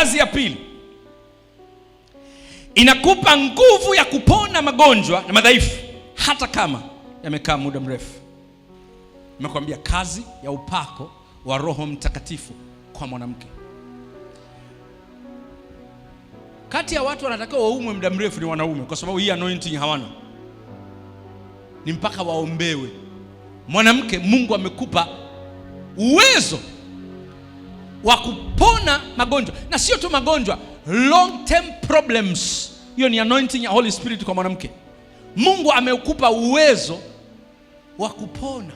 Kazi ya pili inakupa nguvu ya kupona magonjwa na madhaifu, hata kama yamekaa muda mrefu. Nimekuambia kazi ya upako wa Roho Mtakatifu kwa mwanamke. Kati ya watu wanatakiwa waumwe muda mrefu ni wanaume, kwa sababu hii anointing hawana, ni mpaka waombewe. Mwanamke, Mungu amekupa uwezo wa kupona magonjwa, na sio tu magonjwa, long term problems. Hiyo ni anointing ya Holy Spirit kwa mwanamke. Mungu amekupa uwezo wa kupona,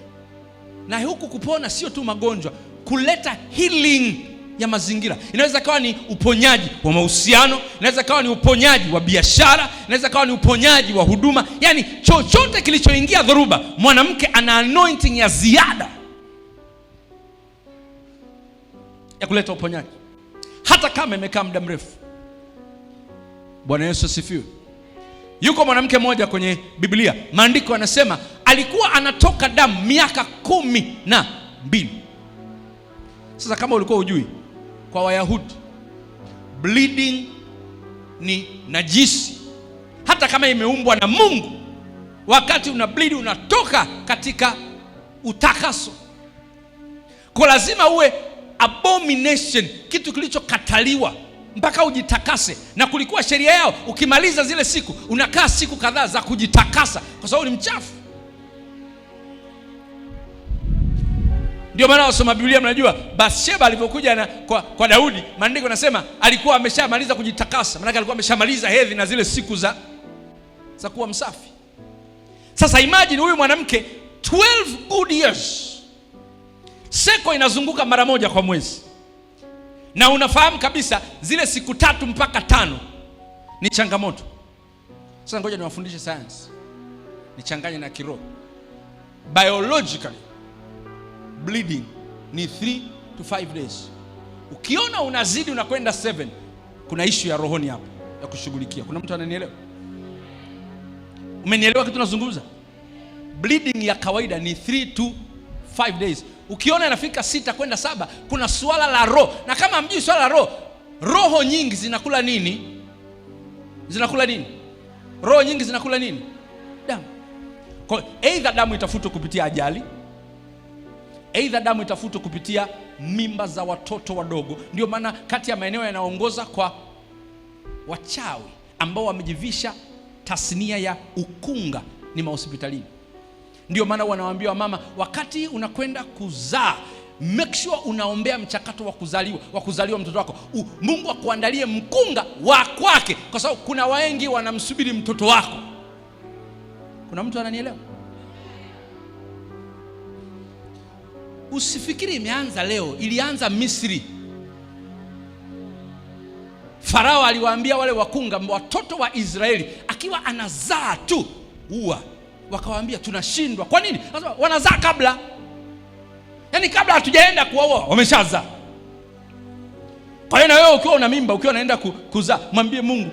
na huku kupona sio tu magonjwa, kuleta healing ya mazingira. Inaweza kawa ni uponyaji wa mahusiano, inaweza kawa ni uponyaji wa biashara, inaweza kawa ni uponyaji wa huduma. Yaani chochote kilichoingia dhoruba, mwanamke ana anointing ya ziada ya kuleta uponyaji, hata kama imekaa muda mrefu. Bwana Yesu asifiwe. Yuko mwanamke mmoja kwenye Biblia, maandiko yanasema alikuwa anatoka damu miaka kumi na mbili. Sasa kama ulikuwa ujui, kwa Wayahudi bleeding ni najisi, hata kama imeumbwa na Mungu. Wakati una bleed unatoka katika utakaso, kwa lazima uwe abomination, kitu kilichokataliwa mpaka ujitakase. Na kulikuwa sheria yao, ukimaliza zile siku unakaa siku kadhaa za kujitakasa, kwa sababu ni mchafu. Ndio maana wasoma Biblia mnajua Bathsheba alivyokuja na kwa, kwa Daudi, maandiko nasema alikuwa ameshamaliza kujitakasa, maanake alikuwa ameshamaliza hedhi na zile siku za, za kuwa msafi. Sasa imagine huyu mwanamke 12 good years Seko inazunguka mara moja kwa mwezi, na unafahamu kabisa zile siku tatu mpaka tano ni changamoto. Sasa ngoja niwafundishe sayansi, nichanganye na kiroho. Biologically bleeding ni 3 to 5 days. Ukiona unazidi unakwenda 7, kuna ishu ya rohoni hapo ya kushughulikia. Kuna mtu ananielewa? Umenielewa kitu nazungumza? Bleeding ya kawaida ni 3 to 5 days. Ukiona inafika sita kwenda saba, kuna swala la roho, na kama mjui swala la roho, roho nyingi zinakula nini? Zinakula nini? Roho nyingi zinakula nini? Damu. Kwa aidha damu itafutwa kupitia ajali, eidha damu itafutwa kupitia mimba za watoto wadogo. Ndio maana kati ya maeneo yanayoongoza kwa wachawi ambao wamejivisha tasnia ya ukunga ni mahospitalini. Ndio maana wanawaambia wamama, wakati unakwenda kuzaa make sure unaombea mchakato wa kuzaliwa wa kuzaliwa mtoto wako U, Mungu akuandalie mkunga wa kwake, kwa sababu kuna wengi wanamsubiri mtoto wako. Kuna mtu ananielewa? Usifikiri imeanza leo, ilianza Misri. Farao aliwaambia wale wakunga, watoto wa Israeli akiwa anazaa tu, ua wakawaambia tunashindwa. Kwa nini? Wanazaa kabla, yaani kabla hatujaenda kuwaoa wameshazaa. Kwa hiyo na wewe ukiwa una mimba, ukiwa unaenda kuzaa, mwambie Mungu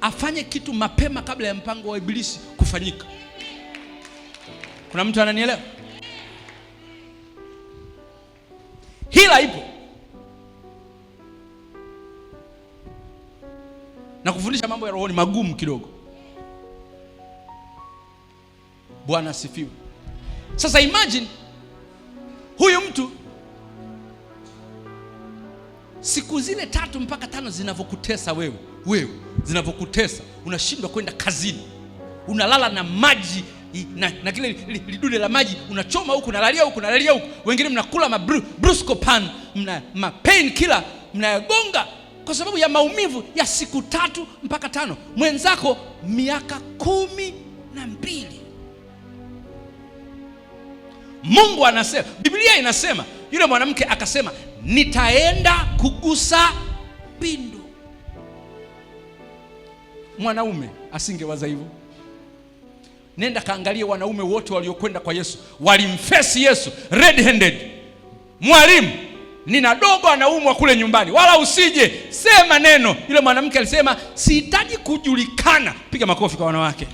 afanye kitu mapema kabla ya mpango wa Ibilisi kufanyika. Kuna mtu ananielewa? Hila ipo na kufundisha mambo ya rohoni magumu kidogo. Bwana asifiwe. Sasa imagine huyu mtu siku zile tatu mpaka tano zinavyokutesa wewe, wewe zinavyokutesa, unashindwa kwenda kazini, unalala na maji na, na kile lidude la maji unachoma huku, nalalia huku, nalalia huku. Wengine mnakula ma bruscopan, mna ma pain killer mnayagonga kwa sababu ya maumivu ya siku tatu mpaka tano, mwenzako miaka kumi Mungu anasema, Biblia inasema yule mwanamke akasema, nitaenda kugusa pindo. Mwanaume asingewaza hivyo. Nenda kaangalie wanaume wote waliokwenda kwa Yesu, walimfesi Yesu red handed. Mwalimu, nina dogo anaumwa kule nyumbani, wala usije sema neno. Yule mwanamke alisema sihitaji kujulikana. Piga makofi kwa wanawake.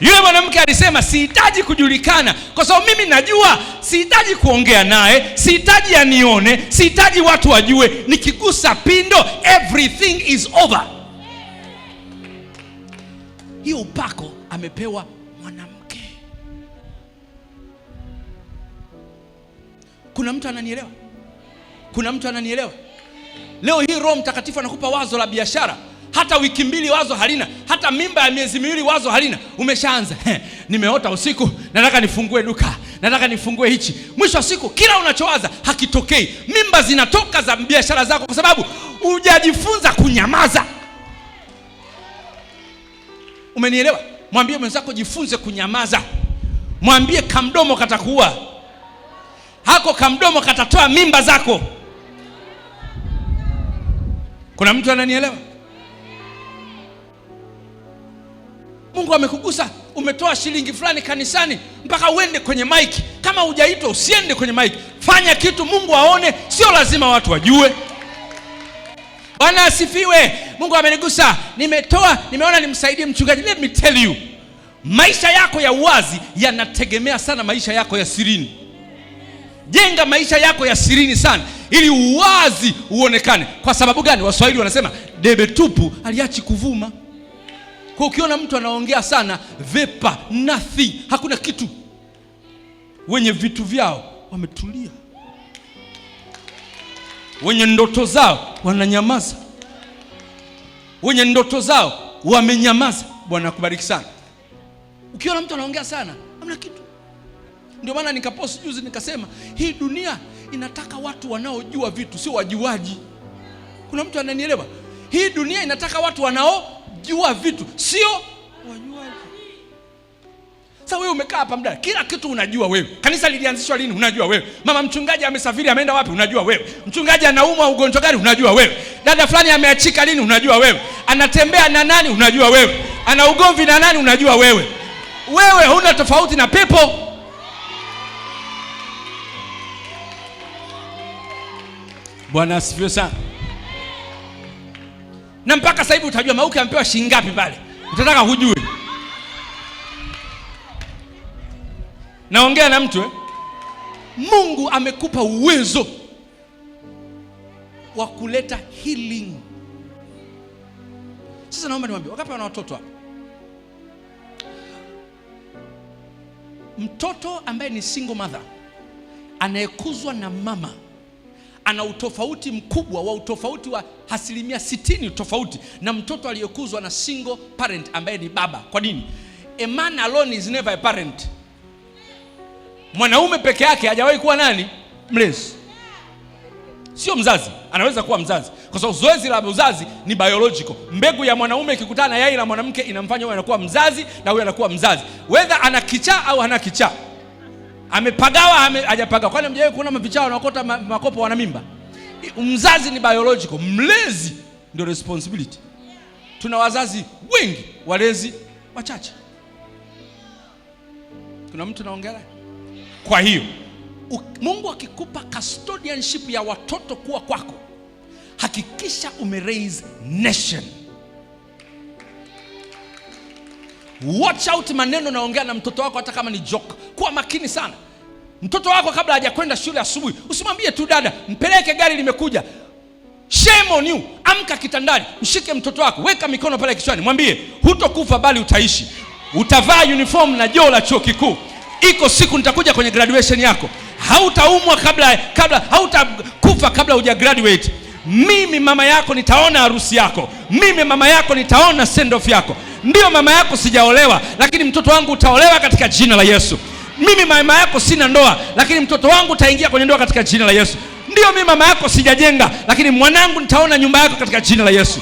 Yule mwanamke alisema sihitaji kujulikana, kwa sababu mimi najua, sihitaji kuongea naye, sihitaji anione, sihitaji watu wajue, nikigusa pindo everything is over. Hiyo upako amepewa mwanamke. Kuna mtu ananielewa? Kuna mtu ananielewa? Leo hii Roho Mtakatifu anakupa wazo la biashara hata wiki mbili wazo halina, hata mimba ya miezi miwili wazo halina, umeshaanza nimeota usiku, nataka nifungue duka, nataka nifungue hichi. Mwisho wa siku kila unachowaza hakitokei, mimba zinatoka za biashara zako, kwa sababu hujajifunza kunyamaza. Umenielewa? Mwambie mwenzako, jifunze kunyamaza. Mwambie kamdomo katakuua, hako kamdomo katatoa mimba zako. Kuna mtu ananielewa? Mungu amekugusa, umetoa shilingi fulani kanisani, mpaka uende kwenye maiki. Kama hujaitwa usiende kwenye maiki, fanya kitu Mungu aone, sio lazima watu wajue. Bwana asifiwe. Mungu amenigusa, nimetoa, nimeona nimsaidie mchungaji. Let me tell you, maisha yako ya uwazi yanategemea sana maisha yako ya sirini. Jenga maisha yako ya sirini sana, ili uwazi uonekane. Kwa sababu gani? Waswahili wanasema debe tupu aliachi kuvuma. Kwa ukiona mtu anaongea sana, vepa nathi, hakuna kitu, wenye vitu vyao wametulia, wenye ndoto zao wananyamaza, wenye ndoto zao wamenyamaza. Bwana akubariki sana. Ukiona mtu anaongea sana, hamna kitu. Ndio maana nikapost juzi nikasema hii dunia inataka watu wanaojua vitu, sio wajuaji. Kuna mtu ananielewa? Hii dunia inataka watu wanao kujua vitu, sio wajuaji. Sasa wewe umekaa hapa muda, kila kitu unajua wewe. Kanisa lilianzishwa lini? Unajua wewe. Mama mchungaji amesafiri ameenda wapi? Unajua wewe. Mchungaji anaumwa ugonjwa gani? Unajua wewe. Dada fulani ameachika lini? Unajua wewe. Anatembea na nani? Unajua wewe. Ana ugomvi na nani? Unajua wewe. Wewe huna tofauti na pepo. Bwana asifiwe sana na mpaka sasa hivi utajua Mauki amepewa shilingi ngapi pale, utataka hujue. Naongea na mtu eh? Mungu amekupa uwezo wa kuleta healing. Sasa naomba niwaambie, wakati wana watoto hapa, mtoto ambaye ni single mother anayekuzwa na mama ana utofauti mkubwa wa utofauti wa asilimia sitini tofauti na mtoto aliyekuzwa na single parent ambaye ni baba. Kwa nini? A man alone is never a parent. Mwanaume peke yake hajawahi kuwa nani? Mlezi, sio mzazi. Anaweza kuwa mzazi kwa sababu zoezi la uzazi ni biological. Mbegu ya mwanaume ikikutana na yai la mwanamke inamfanya huyo anakuwa mzazi na huyo anakuwa mzazi, whether ana kichaa au hana kichaa amepagawa hajapagawa? Kwani mjawe kuona mapichao wanaokota makopo wana mimba? Mzazi ni biological, mlezi ndio responsibility. Tuna wazazi wengi, walezi wachache. Kuna mtu naongea. Kwa hiyo Mungu akikupa custodianship ya watoto kuwa kwako, hakikisha umeraise nation. Watch out maneno naongea na mtoto wako, hata kama ni joke. Kuwa makini sana. Mtoto wako kabla hajakwenda shule asubuhi, usimwambie tu dada, mpeleke gari limekuja. Shame on you. Amka kitandani, mshike mtoto wako, weka mikono pale kichwani, mwambie hutokufa bali utaishi. Utavaa uniform na joo la chuo kikuu. Iko siku nitakuja kwenye graduation yako. Hautaumwa kabla kabla, hautakufa kabla uja graduate. Mimi mama yako nitaona harusi yako. Mimi mama yako nitaona send off yako. Ndiyo mama yako sijaolewa, lakini mtoto wangu utaolewa katika jina la Yesu. Mimi mama yako sina ndoa, lakini mtoto wangu utaingia kwenye ndoa katika jina la Yesu. Ndiyo mimi mama yako sijajenga, lakini mwanangu nitaona nyumba yako katika jina la Yesu.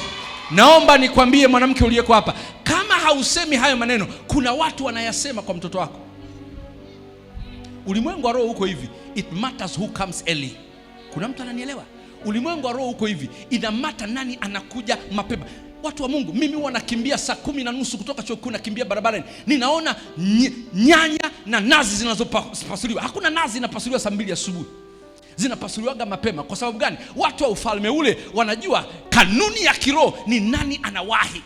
Naomba nikwambie mwanamke uliyeko hapa, kama hausemi hayo maneno, kuna watu wanayasema kwa mtoto wako. Ulimwengu wa roho huko hivi, it matters who comes early. Kuna mtu ananielewa? Ulimwengu wa roho huko hivi, ina mata nani anakuja mapema watu wa Mungu, mimi huwa nakimbia saa kumi na nusu kutoka chuo kikuu, nakimbia barabarani, ninaona nyanya na nazi zinazopasuliwa. Hakuna nazi inapasuliwa saa mbili asubuhi, zinapasuliwaga mapema. Kwa sababu gani? Watu wa ufalme ule wanajua kanuni ya kiroho ni nani anawahi.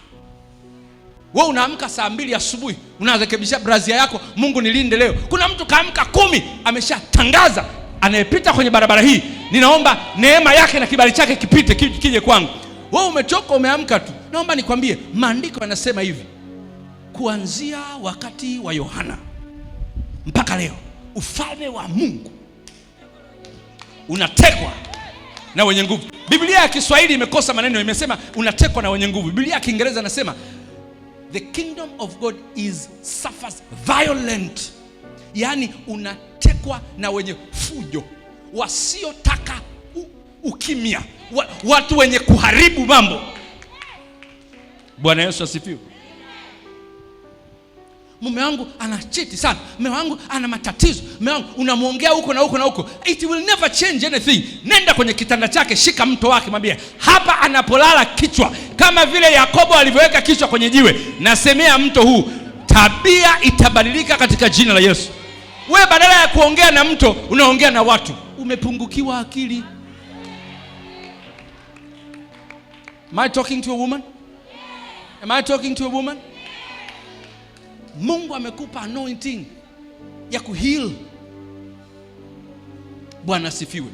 We unaamka saa mbili asubuhi, unarekebisha brazia yako, Mungu nilinde leo. Kuna mtu kaamka kumi, ameshatangaza anayepita kwenye barabara hii, ninaomba neema yake na kibali chake kipite kije kwangu wewe umechoka, umeamka tu. Naomba nikwambie, maandiko yanasema hivi, kuanzia wakati wa Yohana mpaka leo ufalme wa Mungu unatekwa na wenye nguvu. Biblia ya Kiswahili imekosa maneno, imesema unatekwa na wenye nguvu. Biblia ya Kiingereza inasema the kingdom of God is suffers violent, yaani unatekwa na wenye fujo wasiota ukimya, watu wenye kuharibu mambo. Bwana Yesu asifiwe. Mume wangu anachiti sana, mume wangu ana matatizo, mume wangu unamwongea huko na huko na huko, it will never change anything. Nenda kwenye kitanda chake, shika mto wake, mwambie hapa anapolala kichwa, kama vile Yakobo alivyoweka kichwa kwenye jiwe, nasemea mto huu, tabia itabadilika katika jina la Yesu. We badala ya kuongea na mto unaongea na watu, umepungukiwa akili. Am I talking to a woman? Am I talking to a woman? Mungu amekupa anointing ya kuheal. Bwana asifiwe.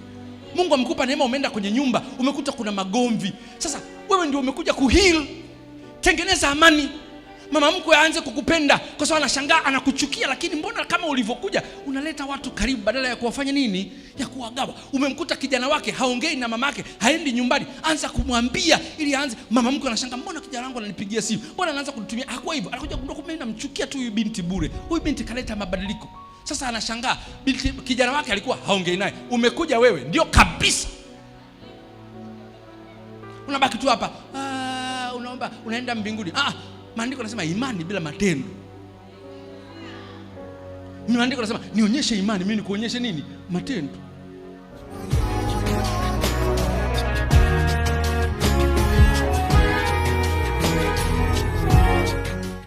Mungu amekupa neema, umeenda kwenye nyumba umekuta kuna magomvi. Sasa wewe ndio umekuja kuheal. Tengeneza amani mama mkwe aanze kukupenda kwa sababu anashangaa anakuchukia, lakini mbona kama ulivyokuja unaleta watu karibu badala ya kuwafanya nini, ya kuwagawa. Umemkuta kijana wake haongei na mama yake, haendi nyumbani, anza kumwambia ili aanze. Mama mkwe anashangaa, mbona kijana wangu ananipigia simu, mbona anaanza kunitumia. Hakuwa hivyo, anakuja kugundua kumbe namchukia tu huyu binti bure, huyu binti kaleta mabadiliko. Sasa anashangaa binti, kijana wake alikuwa haongei naye, umekuja wewe ndio kabisa, unabaki tu hapa ah, unaomba, unaenda mbinguni. Ah, Maandiko nasema imani bila matendo. Maandiko nasema nionyeshe imani, mimi nikuonyeshe nini? Matendo.